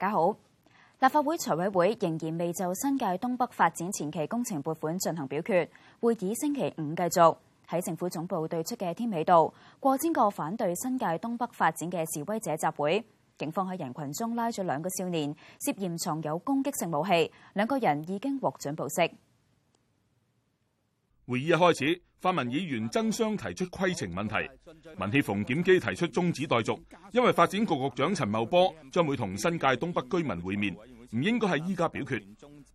大家好，立法會財委會仍然未就新界東北發展前期工程撥款進行表決，會議星期五繼續。喺政府總部對出嘅添美道，過千個反對新界東北發展嘅示威者集會，警方喺人群中拉咗兩個少年，涉嫌藏有攻擊性武器，兩個人已經獲准保釋。會議一開始。泛民議員爭相提出規程問題，民協馮檢基提出終止待續，因為發展局局長陳茂波將會同新界東北居民會面，唔應該係依家表決。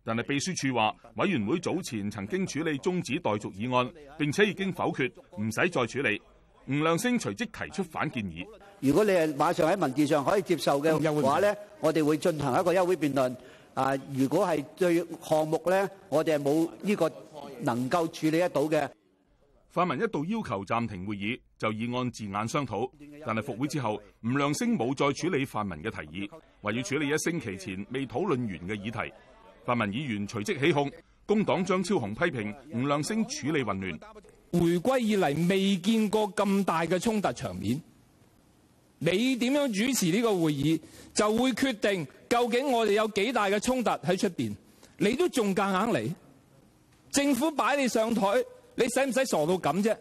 但係秘書處話，委員會早前曾經處理終止待續議案，並且已經否決，唔使再處理。吳亮星隨即提出反建議：如果你係馬上喺文件上可以接受嘅話咧，我哋會進行一個休會辯論。啊，如果係對項目咧，我哋係冇呢個能夠處理得到嘅。泛民一度要求暫停會議，就議案字眼商討，但係復會之後，吳亮星冇再處理泛民嘅提議，話要處理一星期前未討論完嘅議題。泛民議員隨即起哄，工黨張超雄批評吳亮星處理混亂。回歸以嚟未見過咁大嘅衝突場面，你點樣主持呢個會議，就會決定究竟我哋有幾大嘅衝突喺出邊？你都仲夾硬嚟？政府擺你上台。你使唔使傻到咁啫？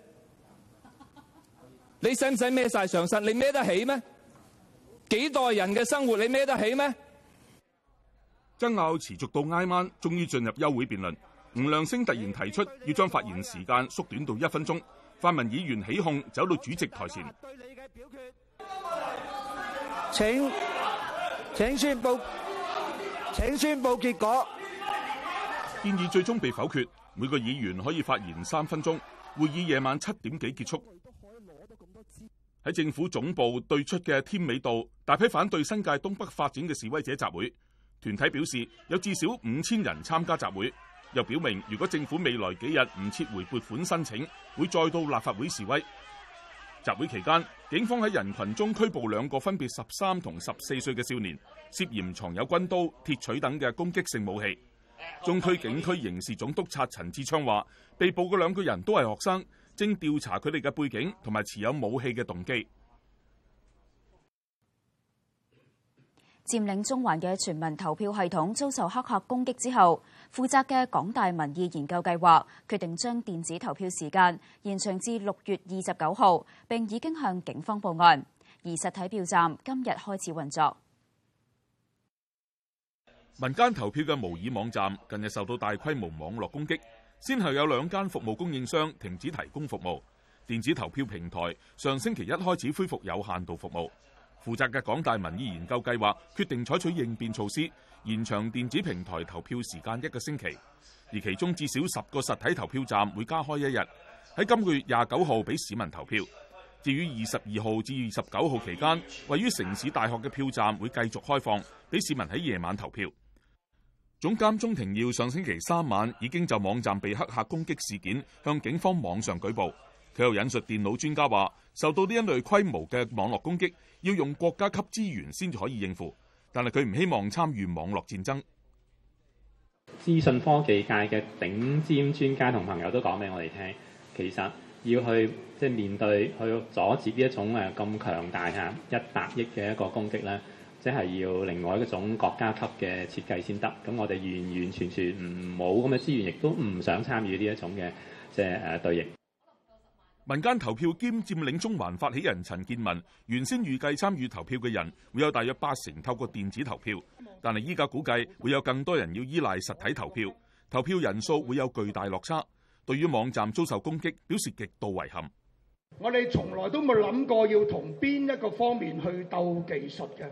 你使唔使孭晒上身？你孭得起咩？幾代人嘅生活，你孭得起咩？爭拗持續到挨晚，終於進入休會辯論。吳亮星突然提出要將發言時間縮短到一分鐘，泛民議員起哄走到主席台前。對你嘅表決，請請宣佈請宣佈結果，建議最終被否決。每個議員可以發言三分鐘，會議夜晚七點幾結束。喺政府總部對出嘅添美道，大批反對新界東北發展嘅示威者集會。團體表示有至少五千人參加集會，又表明如果政府未來幾日唔撤回撥款申請，會再到立法會示威。集會期間，警方喺人群中拘捕兩個分別十三同十四歲嘅少年，涉嫌藏有軍刀、鐵錘等嘅攻擊性武器。中區警區刑事總督察陳志昌話：被捕嘅兩個人都係學生，正調查佢哋嘅背景同埋持有武器嘅動機。佔領中環嘅全民投票系統遭受黑客攻擊之後，負責嘅港大民意研究計劃決定將電子投票時間延長至六月二十九號，並已經向警方報案。而實體票站今日開始運作。民間投票嘅模擬網站近日受到大規模網絡攻擊，先後有兩間服務供應商停止提供服務。電子投票平台上星期一開始恢復有限度服務。負責嘅港大民意研究計劃決定採取應變措施，延長電子平台投票時間一個星期，而其中至少十個實體投票站會加開一日，喺今個月廿九號俾市民投票。至於二十二號至二十九號期間，位於城市大學嘅票站會繼續開放，俾市民喺夜晚投票。總監鍾庭耀上星期三晚已經就網站被黑客攻擊事件向警方網上舉報。佢又引述電腦專家話，受到呢一類規模嘅網絡攻擊，要用國家級資源先至可以應付。但係佢唔希望參與網絡戰爭。資訊科技界嘅頂尖專家同朋友都講俾我哋聽，其實要去即係、就是、面對去阻止呢一種誒咁強大吓一百億嘅一個攻擊咧。即係要另外一種國家級嘅設計先得。咁我哋完完全全唔冇咁嘅資源，亦都唔想參與呢一種嘅即係誒對應。民間投票兼佔領中環發起人陳健民原先預計參與投票嘅人會有大約八成透過電子投票，但係依家估計會有更多人要依賴實體投票，投票人數會有巨大落差。對於網站遭受攻擊，表示極度遺憾。我哋從來都冇諗過要同邊一個方面去鬥技術嘅。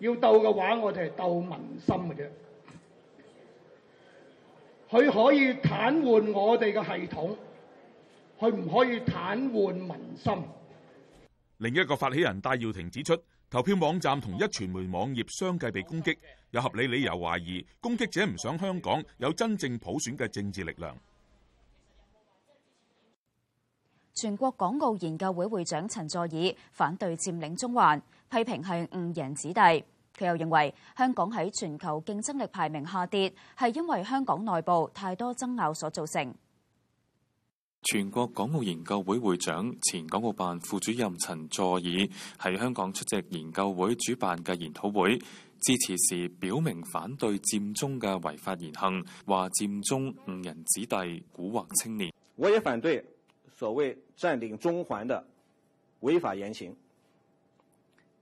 要鬥嘅話，我哋係鬥民心嘅啫。佢可以癱瘓我哋嘅系統，佢唔可以癱瘓民心。另一個發起人戴耀廷指出，投票網站同一傳媒網頁相繼被攻擊，有合理理由懷疑攻擊者唔想香港有真正普選嘅政治力量。全國港澳研究會會長陳佐洱反對佔領中環。批評係誤人子弟，佢又認為香港喺全球競爭力排名下跌係因為香港內部太多爭拗所造成。全國港澳研究會會長、前港澳辦副主任陳佐洱喺香港出席研究會主辦嘅研討會，致辭時表明反對佔中嘅違法言行，話佔中誤人子弟、蠱惑青年。我也反對所謂佔領中環的違法言行。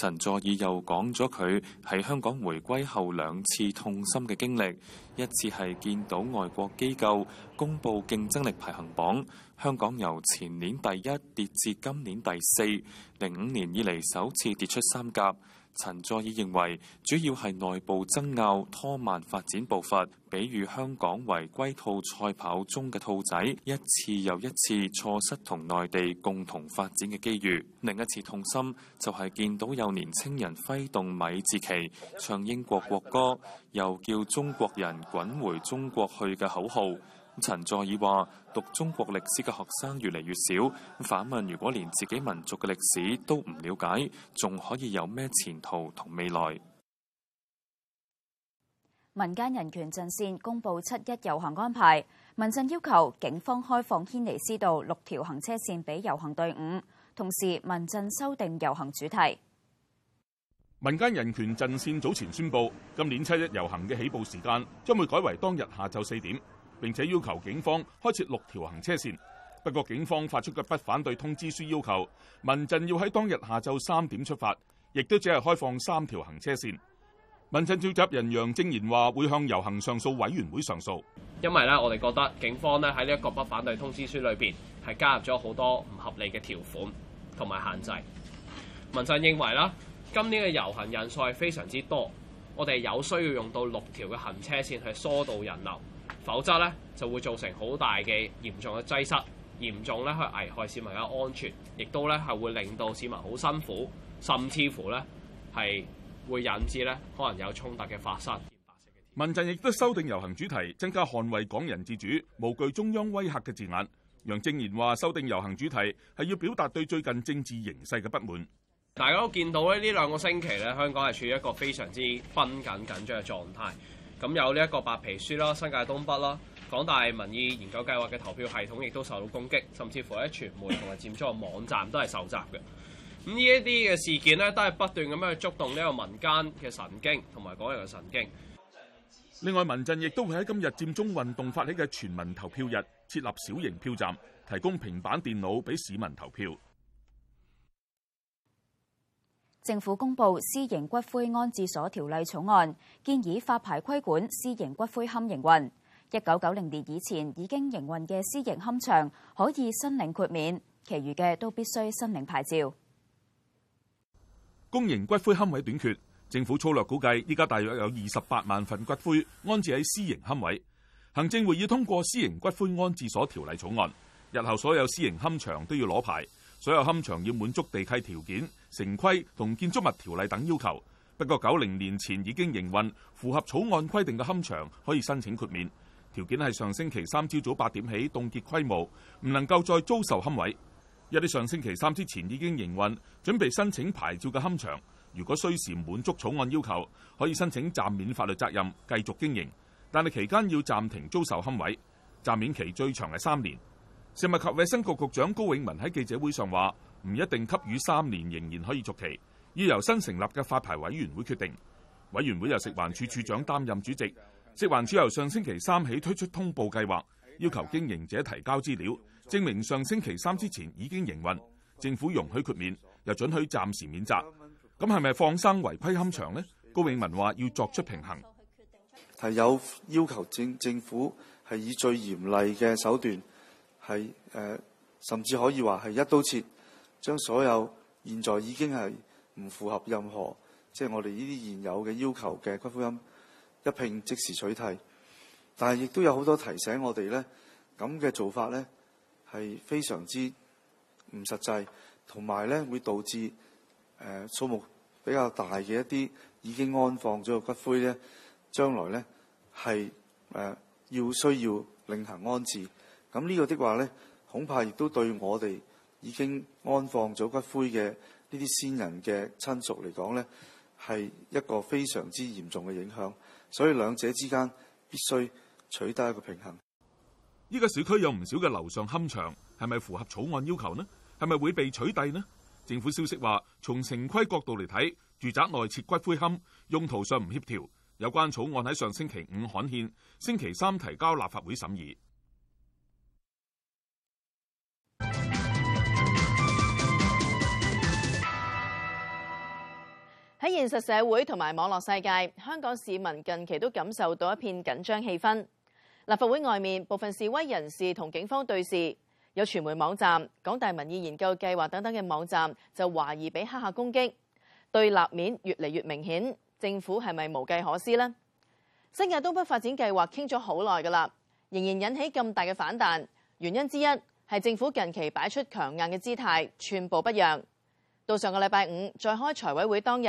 陳佐洱又講咗佢喺香港回歸後兩次痛心嘅經歷，一次係見到外國機構公布競爭力排行榜，香港由前年第一跌至今年第四，零五年以嚟首次跌出三甲。陳佐洱認為，主要係內部爭拗拖慢發展步伐，比喻香港為龜兔賽跑中嘅兔仔，一次又一次錯失同內地共同發展嘅機遇。另一次痛心，就係見到有年青人揮動米字旗，唱英國國歌，又叫中國人滾回中國去嘅口號。陳佐洱話：讀中國歷史嘅學生越嚟越少，反問如果連自己民族嘅歷史都唔了解，仲可以有咩前途同未來？民間人權陣線公布七一遊行安排，民陣要求警方開放軒尼詩道六條行車線俾遊行隊伍，同時民陣修訂遊行主題。民間人權陣線早前宣布，今年七一遊行嘅起步時間將會改為當日下晝四點。並且要求警方開設六條行車線。不過警方發出嘅不反對通知書，要求民陣要喺當日下晝三點出發，亦都只係開放三條行車線。民陣召集人楊政賢話，會向遊行上訴委員會上訴，因為咧，我哋覺得警方咧喺呢一個不反對通知書裏邊係加入咗好多唔合理嘅條款同埋限制。民陣認為啦，今年嘅遊行人數係非常之多，我哋有需要用到六條嘅行車線去疏導人流。否則咧就會造成好大嘅嚴重嘅擠塞，嚴重咧去危害市民嘅安全，亦都咧係會令到市民好辛苦，甚至乎咧係會引致咧可能有衝突嘅發生。民陣亦都修訂遊行主題，增加捍衞港人自主、無懼中央威嚇嘅字眼。楊政賢話：修訂遊行主題係要表達對最近政治形勢嘅不滿。大家都見到咧呢兩個星期咧，香港係處於一個非常之繃緊緊張嘅狀態。咁有呢一個白皮書啦，新界東北啦，港大民意研究計劃嘅投票系統亦都受到攻擊，甚至乎喺傳媒同埋佔中嘅網站都係受襲嘅。咁呢一啲嘅事件呢，都係不斷咁樣去觸動呢個民間嘅神經同埋港人嘅神經。另外，民陣亦都會喺今日佔中運動發起嘅全民投票日設立小型票站，提供平板電腦俾市民投票。政府公布《私營骨灰安置所條例草案》，建議發牌規管私營骨灰龕營運。一九九零年以前已經營運嘅私營龕場可以申領豁免，其餘嘅都必須申領牌照。公營骨灰龕位短缺，政府粗略估計，依家大約有二十八萬份骨灰安置喺私營龕位。行政會議通過《私營骨灰安置所條例草案》，日後所有私營龕場都要攞牌。所有龕場要滿足地契條件、城規同建築物條例等要求。不過九零年前已經營運符合草案規定嘅龕場可以申請豁免，條件係上星期三朝早八點起凍結規模，唔能夠再租售龕位。一啲上星期三之前已經營運準備申請牌照嘅龕場，如果需時滿足草案要求，可以申請暫免法律責任繼續經營，但係期間要暫停租售龕位，暫免期最長係三年。食物及衞生局局長高永文喺記者會上話：唔一定給予三年，仍然可以續期，要由新成立嘅發牌委員會決定。委員會由食環署署長擔任主席。食環署由上星期三起推出通報計劃，要求經營者提交資料，證明上星期三之前已經營運。政府容許豁免，又准許暫時免責。咁係咪放生違規龕場呢？高永文話要作出平衡，係有要求政政府係以最嚴厲嘅手段。係誒，呃，甚至可以話係一刀切，將所有現在已經係唔符合任何即係，就是、我哋呢啲現有嘅要求嘅骨灰，音一併即時取締。但係亦都有好多提醒我哋咧，咁嘅做法咧係非常之唔實際，同埋咧會導致誒，呃、數目比較大嘅一啲已經安放咗個骨灰咧，將來咧係要需要另行安置。咁呢個的話呢，恐怕亦都對我哋已經安放咗骨灰嘅呢啲先人嘅親屬嚟講呢，係一個非常之嚴重嘅影響。所以兩者之間必須取得一個平衡。依家小區有唔少嘅樓上龕場，係咪符合草案要求呢？係咪會被取締呢？政府消息話，從城規角度嚟睇，住宅內設骨灰龕用途上唔協調。有關草案喺上星期五刊憲，星期三提交立法會審議。喺現實社會同埋網絡世界，香港市民近期都感受到一片緊張氣氛。立法會外面部分示威人士同警方對峙，有傳媒網站、港大民意研究計劃等等嘅網站就懷疑被黑客攻擊，對立面越嚟越明顯。政府係咪無計可施呢？新界東北發展計劃傾咗好耐噶啦，仍然引起咁大嘅反彈。原因之一係政府近期擺出強硬嘅姿態，寸步不讓。到上個禮拜五再開財委會當日。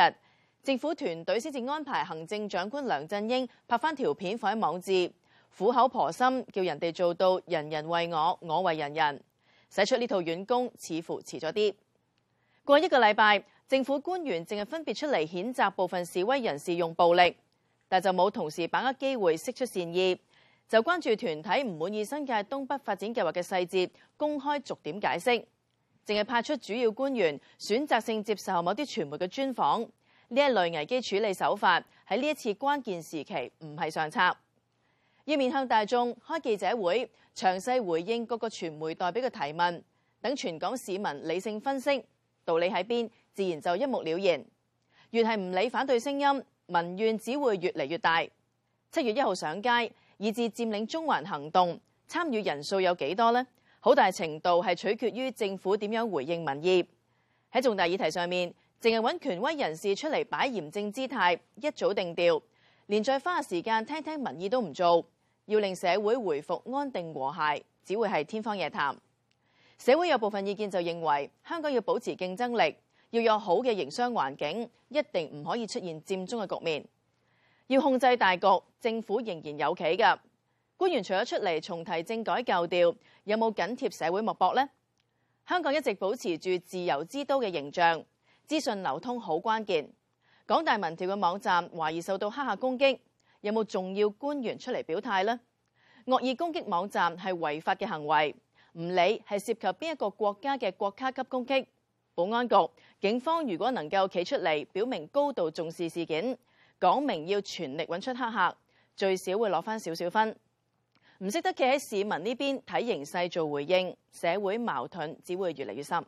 政府團隊先至安排行政長官梁振英拍翻條片放喺網誌，苦口婆心叫人哋做到人人為我，我為人人，使出呢套軟功，似乎遲咗啲。過一個禮拜，政府官員淨係分別出嚟譴責部分示威人士用暴力，但就冇同時把握機會釋出善意，就關注團體唔滿意新界東北發展計劃嘅細節，公開逐點解釋，淨係派出主要官員選擇性接受某啲傳媒嘅專訪。呢一類危機處理手法喺呢一次關鍵時期唔係上策，要面向大眾開記者會，詳細回應各個傳媒代表嘅提問，等全港市民理性分析道理喺邊，自然就一目了然。越係唔理反對聲音，民怨只會越嚟越大。七月一號上街以至佔領中環行動，參與人數有幾多少呢？好大程度係取決於政府點樣回應民意喺重大議題上面。淨係揾權威人士出嚟擺嚴正姿態，一早定調，連再花時間聽聽民意都唔做，要令社會回復安定和諧，只會係天方夜譚。社會有部分意見就認為，香港要保持競爭力，要有好嘅營商環境，一定唔可以出現佔中嘅局面。要控制大局，政府仍然有企嘅官員，除咗出嚟重提政改舊調，有冇緊貼社會脈搏呢？香港一直保持住自由之都嘅形象。資訊流通好關鍵，港大民調嘅網站懷疑受到黑客攻擊，有冇重要官員出嚟表態呢？惡意攻擊網站係違法嘅行為，唔理係涉及邊一個國家嘅國家級攻擊，保安局、警方如果能夠企出嚟表明高度重視事件，講明要全力揾出黑客，最少會攞返少少分。唔識得企喺市民呢邊睇形勢做回應，社會矛盾只會越嚟越深。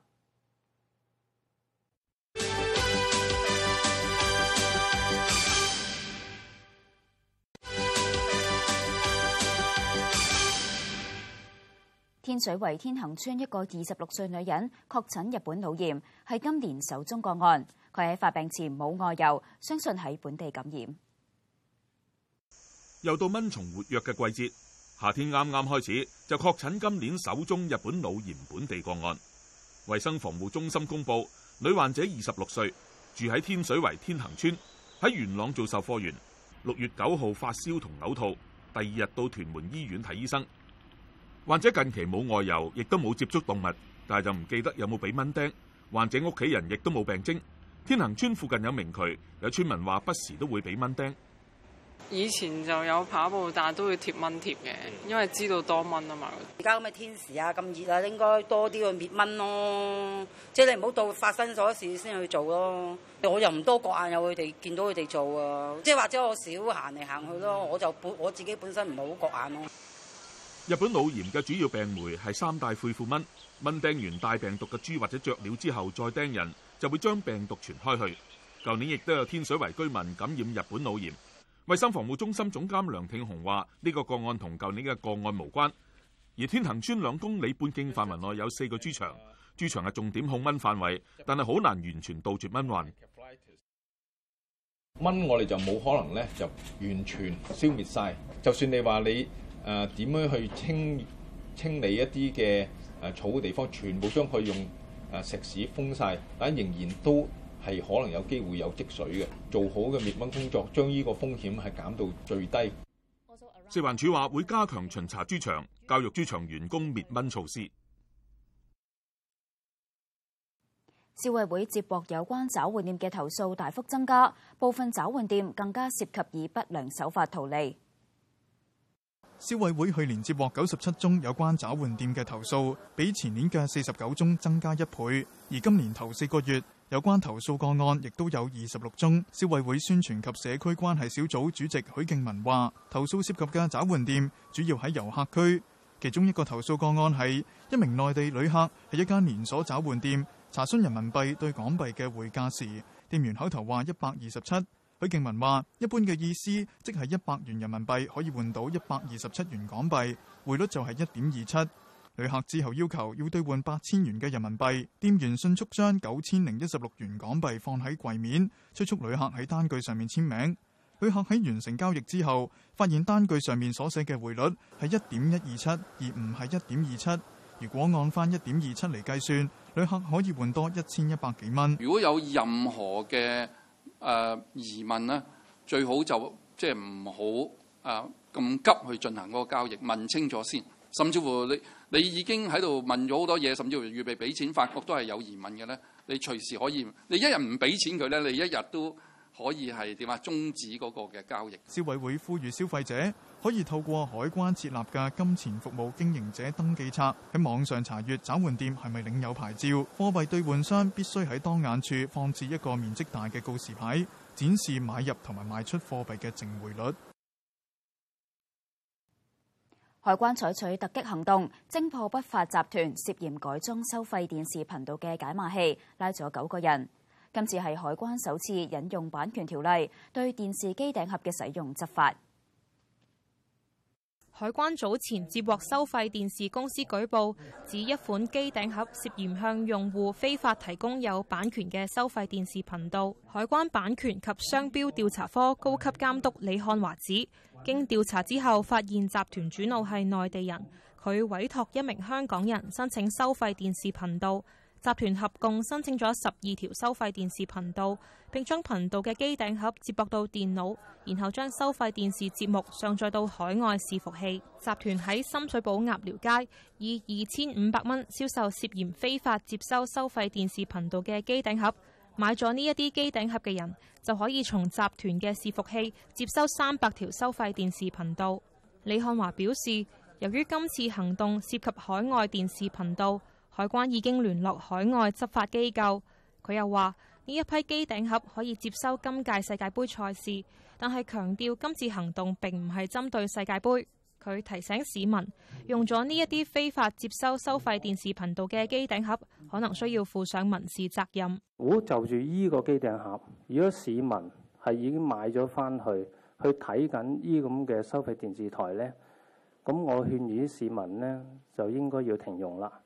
天水圍天恒村一個二十六歲女人確診日本腦炎，係今年首宗個案。佢喺發病前冇外遊，相信喺本地感染。又到蚊蟲活躍嘅季節，夏天啱啱開始就確診今年首宗日本腦炎本地個案。衛生防護中心公布，女患者二十六歲，住喺天水圍天恒村，喺元朗做售貨員。六月九號發燒同嘔吐，第二日到屯門醫院睇醫生。患者近期冇外遊，亦都冇接觸動物，但係就唔記得有冇俾蚊叮。患者屋企人亦都冇病徵。天恒村附近有明渠，有村民話不時都會俾蚊叮。以前就有跑步，但係都會貼蚊貼嘅，因為知道多蚊啊嘛。而家咁嘅天時啊，咁熱啊，應該多啲去滅蚊咯。即係你唔好到發生咗事先去做咯。我又唔多覺眼有，有佢哋見到佢哋做啊。即係或者我少行嚟行去咯。我就本我自己本身唔係好覺眼咯。日本腦炎嘅主要病媒係三帶喙庫蚊，蚊，蚊叮完帶病毒嘅豬或者雀鳥之後再叮人，就會將病毒傳開去。舊年亦都有天水圍居民感染日本腦炎。衛生防護中心總監梁挺雄話：呢、這個個案同舊年嘅個案無關。而天恒村兩公里半徑範圍內有四個豬場，豬場係重點控蚊範圍，但係好難完全杜絕蚊患。蚊我哋就冇可能咧，就完全消滅晒。就算你話你。誒，點樣去清清理一啲嘅誒草嘅地方，全部將佢用誒石、啊、屎封晒，但仍然都係可能有機會有積水嘅。做好嘅滅蚊工作，將呢個風險係減到最低。食環署話會加強巡查豬場，教育豬場員工滅蚊措施。消委會接獲有關找換店嘅投訴大幅增加，部分找換店更加涉及以不良手法圖利。消委會去年接獲九十七宗有關找換店嘅投訴，比前年嘅四十九宗增加一倍。而今年頭四個月有關投訴個案亦都有二十六宗。消委會宣傳及社區關係小組主席許敬文話，投訴涉及嘅找換店主要喺遊客區，其中一個投訴個案係一名內地旅客喺一間連鎖找換店查詢人民幣對港幣嘅匯價時，店員口頭話一百二十七。許敬文話：一般嘅意思，即係一百元人民幣可以換到一百二十七元港幣，匯率就係一點二七。旅客之後要求要兌換八千元嘅人民幣，店員迅速將九千零一十六元港幣放喺櫃面，催促旅客喺單據上面簽名。旅客喺完成交易之後，發現單據上面所寫嘅匯率係一點一二七，而唔係一點二七。如果按返一點二七嚟計算，旅客可以換多一千一百幾蚊。如果有任何嘅誒疑問啦，最好就即係唔好誒咁急去進行嗰個交易，問清楚先。甚至乎你你已經喺度問咗好多嘢，甚至乎預備俾錢發覺都係有疑問嘅咧，你隨時可以，你一日唔俾錢佢咧，你一日都。可以係點啊，中止嗰個嘅交易。消委會呼籲消費者可以透過海關設立嘅金錢服務經營者登記冊喺網上查閲找換店係咪領有牌照。貨幣兌換商必須喺當眼處放置一個面積大嘅告示牌，展示買入同埋賣出貨幣嘅淨匯率。海關採取突擊行動，偵破不法集團涉嫌改裝收費電視頻道嘅解碼器，拉咗九個人。今次係海關首次引用版權條例對電視機頂盒嘅使用執法。海關早前接獲收費電視公司舉報，指一款機頂盒涉嫌向用戶非法提供有版權嘅收費電視頻道。海關版權及商標調查科高級監督李漢華指，經調查之後發現集團主腦係內地人，佢委託一名香港人申請收費電視頻道。集團合共申請咗十二條收費電視頻道，並將頻道嘅機頂盒接駁到電腦，然後將收費電視節目上載到海外伺服器。集團喺深水埗鴨寮街以二千五百蚊銷售涉嫌非法接收收費電視頻道嘅機頂盒，買咗呢一啲機頂盒嘅人就可以從集團嘅伺服器接收三百條收費電視頻道。李漢華表示，由於今次行動涉及海外電視頻道。海關已經聯絡海外執法機構。佢又話呢一批機頂盒可以接收今屆世界杯賽事，但係強調今次行動並唔係針對世界杯。佢提醒市民用咗呢一啲非法接收收費電視頻道嘅機頂盒，可能需要負上民事責任。如果就住呢個機頂盒，如果市民係已經買咗翻去去睇緊呢咁嘅收費電視台咧，咁我勸住啲市民咧就應該要停用啦。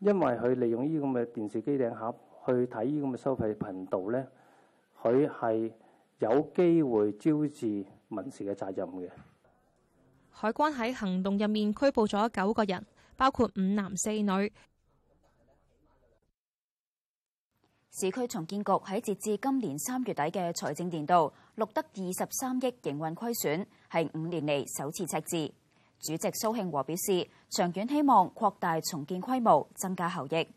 因為佢利用呢啲咁嘅電視機頂盒去睇呢啲咁嘅收費頻道咧，佢係有機會招致民事嘅責任嘅。海關喺行動入面拘捕咗九個人，包括五男四女。市區重建局喺截至今年三月底嘅財政年度，錄得二十三億營運虧損，係五年嚟首次赤字。主席蘇慶和表示，長遠希望擴大重建規模，增加效益。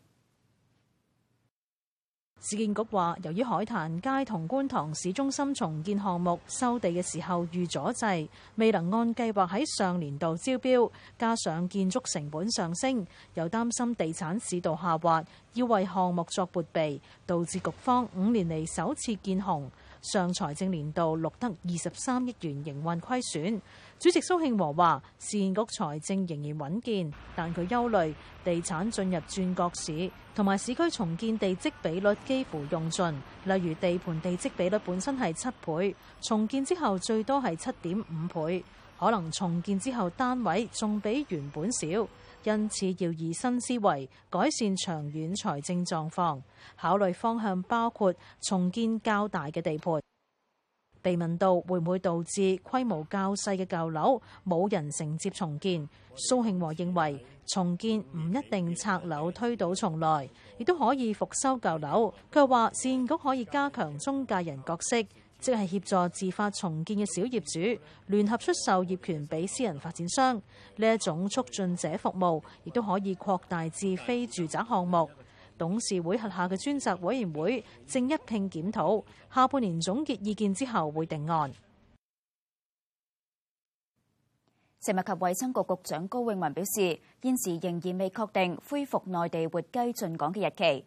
市建局話，由於海壇街同觀塘市中心重建項目收地嘅時候遇阻滯，未能按計劃喺上年度招標，加上建築成本上升，又擔心地產市道下滑，要為項目作撥備，導致局方五年嚟，首次見紅。上財政年度錄得二十三億元營運虧損。主席蘇慶和話，市建局財政仍然穩健，但佢憂慮地產進入轉角市，同埋市區重建地積比率幾乎用盡。例如地盤地積比率本身係七倍，重建之後最多係七點五倍，可能重建之後單位仲比原本少。因此要以新思維改善長遠財政狀況，考慮方向包括重建較大嘅地盤。被問到會唔會導致規模較細嘅舊樓冇人承接重建？蘇慶和認為重建唔一定拆樓推倒重來，亦都可以復修舊樓，佢話市建局可以加強中介人角色。即係協助自發重建嘅小業主聯合出售業權俾私人發展商呢一種促進者服務，亦都可以擴大至非住宅項目。董事會轄下嘅專責委員會正一併檢討，下半年總結意見之後會定案。食物及衞生局局長高永文表示，現時仍然未確定恢復內地活雞進港嘅日期。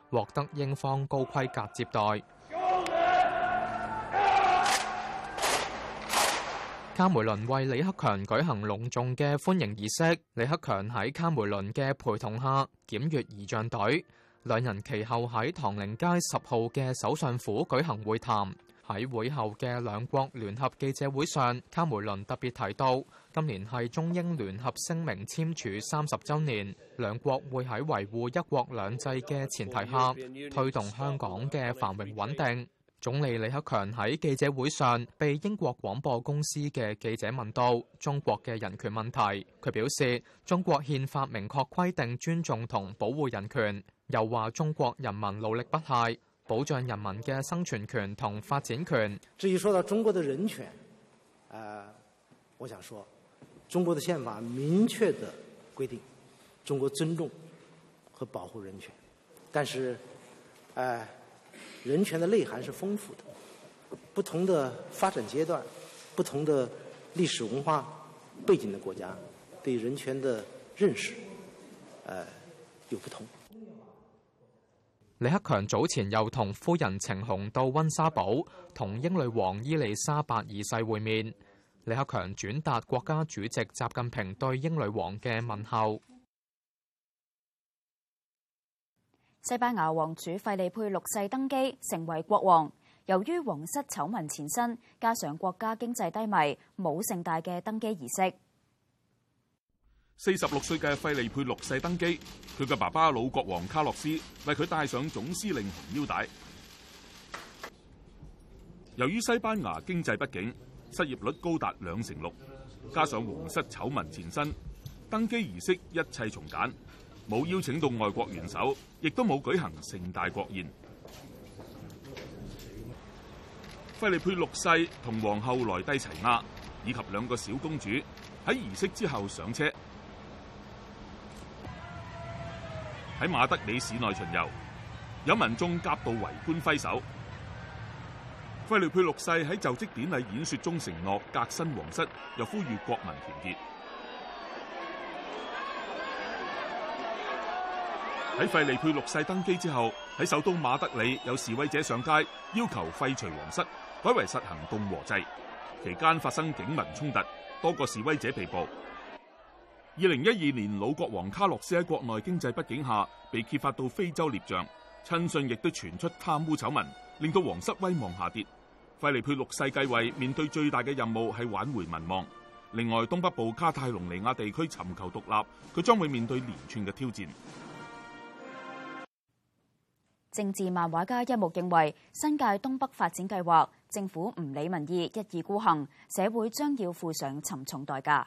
獲得英方高規格接待。卡梅倫為李克強舉行隆重嘅歡迎儀式，李克強喺卡梅倫嘅陪同下檢閱儀仗隊，兩人其後喺唐寧街十號嘅首相府舉行會談。喺會後嘅兩國聯合記者會上，卡梅倫特別提到，今年係中英聯合聲明簽署三十周年，兩國會喺維護一國兩制嘅前提下，推動香港嘅繁榮穩定。總理李克強喺記者會上被英國廣播公司嘅記者問到中國嘅人權問題，佢表示中國憲法明確規定尊重同保護人權，又話中國人民努力不懈，保障人民嘅生存權同發展權，至於說到中國的人權，呃，我想說中國的憲法明確地規定，中國尊重和保護人權，但是，呃，人權的內涵是豐富的，不同的發展階段、不同的歷史文化背景的國家，對人權的認識，呃，有不同。李克強早前又同夫人程紅到溫莎堡同英女王伊麗莎白二世會面，李克強轉達國家主席習近平對英女王嘅問候。西班牙王儲費利佩六世登基，成為國王。由於皇室醜聞纏身，加上國家經濟低迷，冇盛大嘅登基儀式。四十六歲嘅費利佩六世登基，佢嘅爸爸老國王卡洛斯為佢戴上總司令紅腰帶。由於西班牙經濟不景，失業率高達兩成六，加上皇室醜聞纏身，登基儀式一切從簡，冇邀請到外國元首，亦都冇舉行盛大國宴。費利佩六世同王后萊蒂齊亞以及兩個小公主喺儀式之後上車。喺馬德里市內巡遊，有民眾夾道圍觀揮手。費利佩六世喺就職典禮演說中承諾革新皇室，又呼籲國民團結。喺費利佩六世登基之後，喺首都馬德里有示威者上街要求廢除皇室，改為實行共和制，期間發生警民衝突，多個示威者被捕。二零一二年，老國王卡洛斯喺國內經濟不景下，被揭發到非洲獵象，親信亦都傳出貪污醜聞，令到王室威望下跌。費利佩六世繼位，面對最大嘅任務係挽回民望。另外，東北部卡泰隆尼亞地區尋求獨立，佢將會面對連串嘅挑戰。政治漫畫家一目認為，新界東北發展計劃，政府唔理民意，一意孤行，社會將要付上沉重代價。